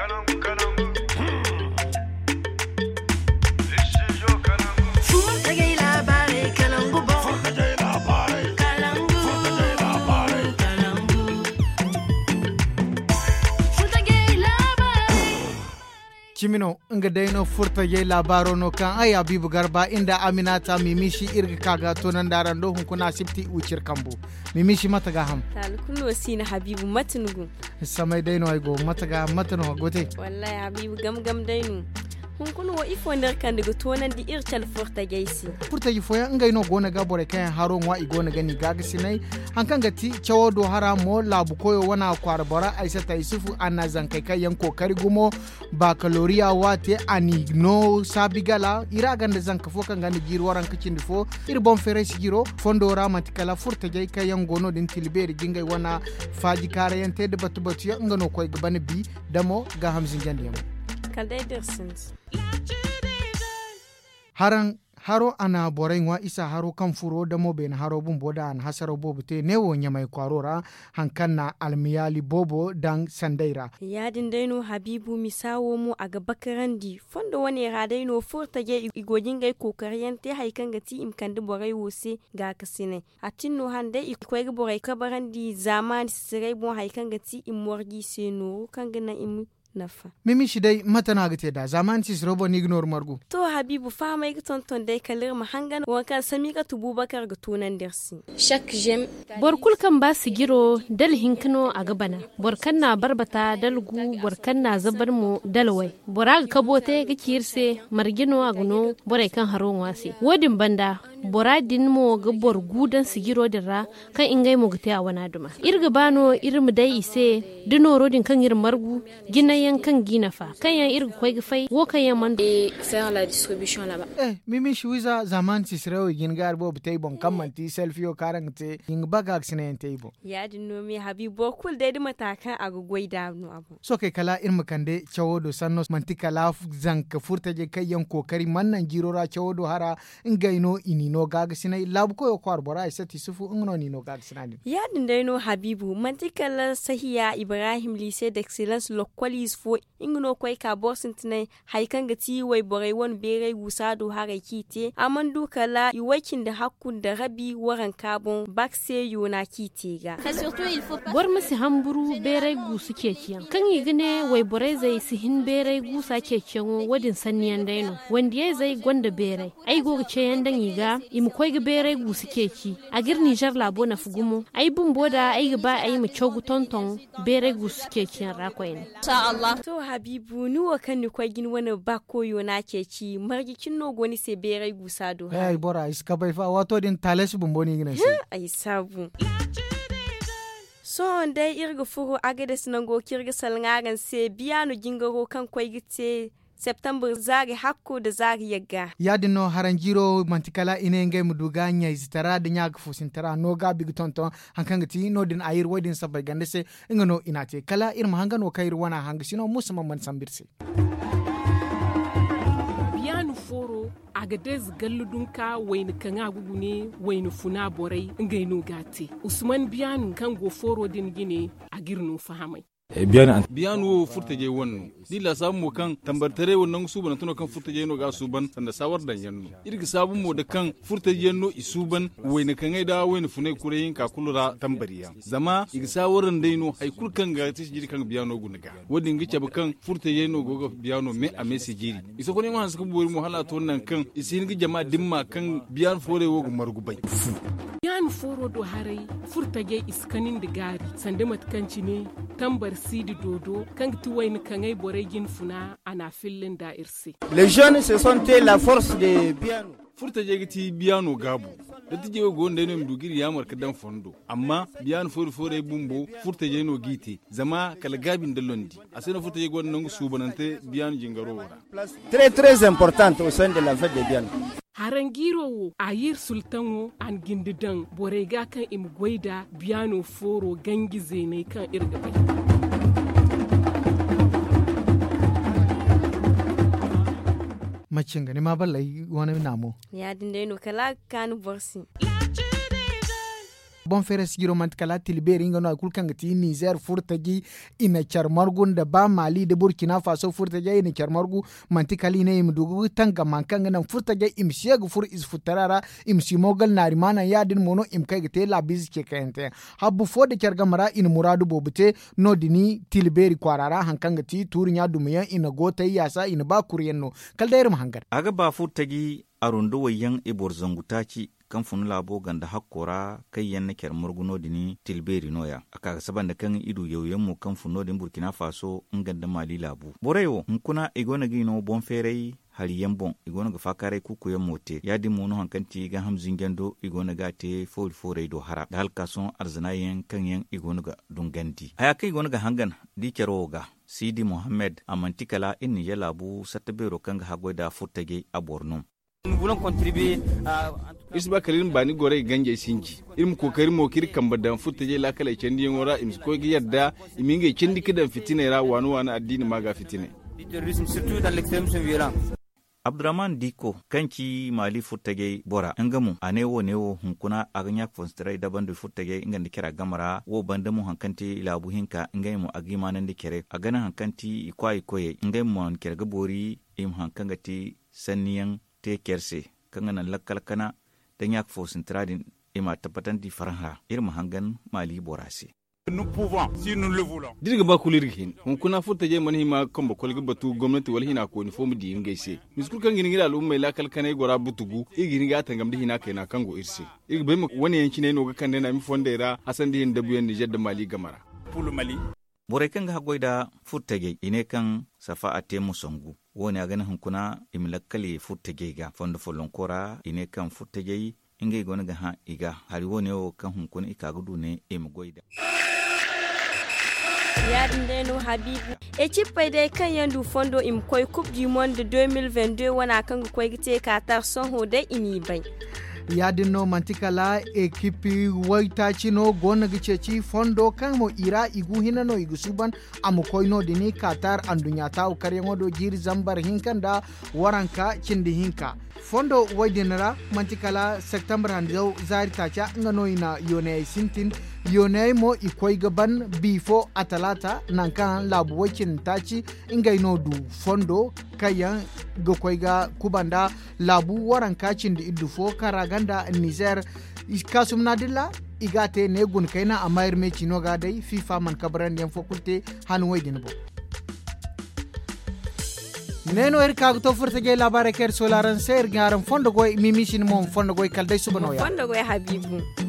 Canam, canam. cimino nga dayno furta yey labaro no kan ay abibu garba inda aminata mimishi irga kaga tonan daran do hun kuna sibti ucir kambu mimishi mataga ham tal kullu sina habibu matnugu samay dayno ay go mataga matno gote wallahi habibu gam gam dayno hunkun wo ifondar kandigo tonan di ircal forta gaisi furta yi foya ngai no gona ga bore kan haron wa igona gani gaga sinai an kan gati chawo do hara mo labu koyo wana kwar bara aisa ta isufu ana zankai kai yan kokari gumo ba kaloriya wate ani no sabigala ira ganda zanka fo kan gani giro waran kicin difo ir bon feres giro fondora matikala furta jai kai yan gono din tilberi gingai wana faji kare yan tedde da batu batu ya ngano koy gbanbi bi damo ga hamzin jandiyamo kaledersins haran haro ana boreng wa isa haro kan furo da mobe na haro bun boda an hasaro bobo te ne wo nyamai kwarora hankan na almiyali bobo dan sandaira ya dindaino habibu misawo mu a gaba karandi fondo wani radaino furta ge igogin gai kokariyan te haikan ga ti imkan da borai wose ga kasine a no hande ikwai ga borai kabarandi zaman sirai bon haikan ga ti imorgi seno kan ga na nafa mimi shi dai mata na gite da zaman ci robo ni ignor margu to habibu fa mai ton dai kalir ma hangan wa kan sami ka tubu bakar ga tunan dersi shak jem bor kulkan ba su giro dal hinkino a gabana bor kan na barbata gu bor kan na zabar mu dalwai bora ga kabote ga kirse margino a guno bore kan haron wase wodin banda buradin mo ga giro sigiro ra kan gai mo ga a wana duma irga bano irin dai ise dino rodin kan irin margu gina yan kan gina fa kan yan irga kwai ga fai wo kan yan man eh sai la distribution la ba eh mimi wiza zaman ti sirawo gin gar bo bitai bon kan man ti selfie o karang te ing baga aksine en teibo ya no mi habibo kul dai di matakan agu da no abu so kai kala irin kande do sanno mantika la zanka furta je kai yan kokari man nan chawo do hara no ini nino sina labu ko kwar bora isa ti sufu ngno nino sina ni ya dindai no habibu mantikala sahiya ibrahim lise d'excellence lokwalis fo ingno kwai ka bosin tinai haikan ga ti wai borai won bere gusado hare kite amman dukala da hakkun da rabi waran kabon bakse yona kite ga bor masi hamburu bere gusu kekiyan kan yi gane wai borai zai sihin bere gusa kekiyan wadin sanniyan daino wanda zai gwanda bere ai goga ce yan imu im ga bere gu suke ki a gir la labo na fugumo ai bun boda ai ga ba ai mu cogu tonton bere gu suke ki ra koy ne insha Allah to habibu nuwa kan ni koy gin wani ba koyo na ke ci margi kin no goni se bere gu sado ai bora iska bai fa wato din taleshi bumboni ngina sai ai sabu son dai irga furu agades sinango kirga salngaran se no jingaro kan koy gite da zari hakkude zari yegga yadino haranjiro mantikala ine ngay muduga nyaisitara de nyaga fusintara no ga big tonton hankanga ti no din ayir wadin sabay gandese ingano inate kala irma hangan wakair wana hangasino musama man sambirse biyanu foro aga des galludunka waini kanga gugune waini funa borai ngai no gate usman biyanu kan foro din gine agirnu fahamai Eh, biyan furta je wannu la samu kan tambartare wannan su ban tuno kan je no ga su ban sanda sawar dan yannu irki sabun mo da kan je no isu ban ne kan wai ne funai yin ka kulura tambariya zama igi sawarin dai no hay kulkan ga tishi jiri kan biyano guniga wadin gice ba kan je no goga no me a mesi jiri isa ko ne ma suka bori mu hala to nan kan isin gi jama'a dimma kan biyan fore wo gumargubai yan foro do harai furtage iskanin da gari sande matkanci ne tambar sidi dodo kan ti ni kan ai boregin funa ana fillin da irsi les jeunes se sont la force de piano furta je gati biyano gabu da tije go gonde ne mdugiri ya marka dan fondo amma biyano fori fori bumbo furta je no gite zama kala gabin da londi asina furta je go nan su banante biyano jingaro wara très très important au sein de la fête de biyano harangiro wo a yir sultan wo an gindidan ga kan im gwaida biyano foro gangi zene kan irga bai macin gani ma balla wani namu ya dindai kala kanu borsi bon fere sigiro man kala tilberi ngano akul kanga ti Niger furtaji ina charmargun da ba Mali da Burkina Faso furtaji ina charmargu man tikali ne im dugu tanga man kanga nan furtaji im shegu fur is futarara im simogal mana yadin mono im kai la biz ke kente fo de charga mara in muradu bobute no dini tilberi kwarara hankanga ti turinya ina gotai yasa ina ba kuryenno kalda hangar aga ba furtaji arundo wayan ibor zangutaci kan funu labo ganda hakora kai yan na kyar murguno dini tilberi noya aka saban da kan ido yauyen mu kan funo din burkina faso in ganda mali labu borewo in kuna igona gino bon ferei hari yambon igona ga fakare kuku yan mote ya di no hankanti ga hamzin gendo igona ga te fori fori do hara da kason son arzana yan kan yan igona ga dungandi aya kai igona ga hangan di ga sidi mohammed amantikala in ya labu satabero kan ga hagoda futage a borno Uh, isba kalin bani gore ganje sinji irim kokari mo kir kamba dan futta je lakala cendi ngora im ko gi yadda iminge cendi kidan fitina ra wanu wana addini maga fitine abdurrahman diko kanki mali futtage bora ngamu anewo newo hunkuna aganya fonstrai daban du futtage ingandi kira gamara wo bandu mu hankanti ila buhinka inga mu agima nan dikere agana hankanti ikwai koye inga mu an kirga bori im ti sanniyan te kerse nan lakkal kana da nyak fosin tradin ima tabbatan di faranha ir mahangan mali borasi nous pouvons si nous le voulons dirga ba kulir hin on kuna furta je man hima kamba kolga batu gwamnati wal hina ko ni fomu di ingay se miskul kan gini al umma ila kal kanai gora butugu igini ga tangam di hina kaina kango irse igi be wani yanki ne no ga kan na mi fonda ira hasan di hin dabuyen ni jadda mali gamara le mali bore kan ga goida furta je ine kan safa ate musongu woni agani hunkuna imlakkali ga fondo follonkora ine kan furtegey ingey ga ha iga hari woni o kan hunkuna ikaga dune imigoyda yaɗum ndeno habibu e cippa dey kan yandu fondo im koye coupe du monde 2022 wona kanga koygete qatar son ho dey ini bay yadinno mantikala e kippi woytacino gonnago ceci fondo kan mo ira igu hinano igu suban amo koynode ni qatar anduña taw karyaŋoɗo jiri zambar hinkanda waranka cindi hinka fondo waydinara mantikala septembre handew zari taca ina yone sintin yonai mo ikoi gaban bifo atalata nankan labu wakin taci ingai no fondo kayan ga ga kubanda labu waran kacin da idufo karaganda nizer kasum nadilla igate ne gun kaina amayar meci no ga dai fifa man kabaran yan fokulte hanu waidin neno er kaag to furtage labare ker solaran ser ngaram fondo goy mimishin mom fondo goy kalday subanoya fondo goy habibu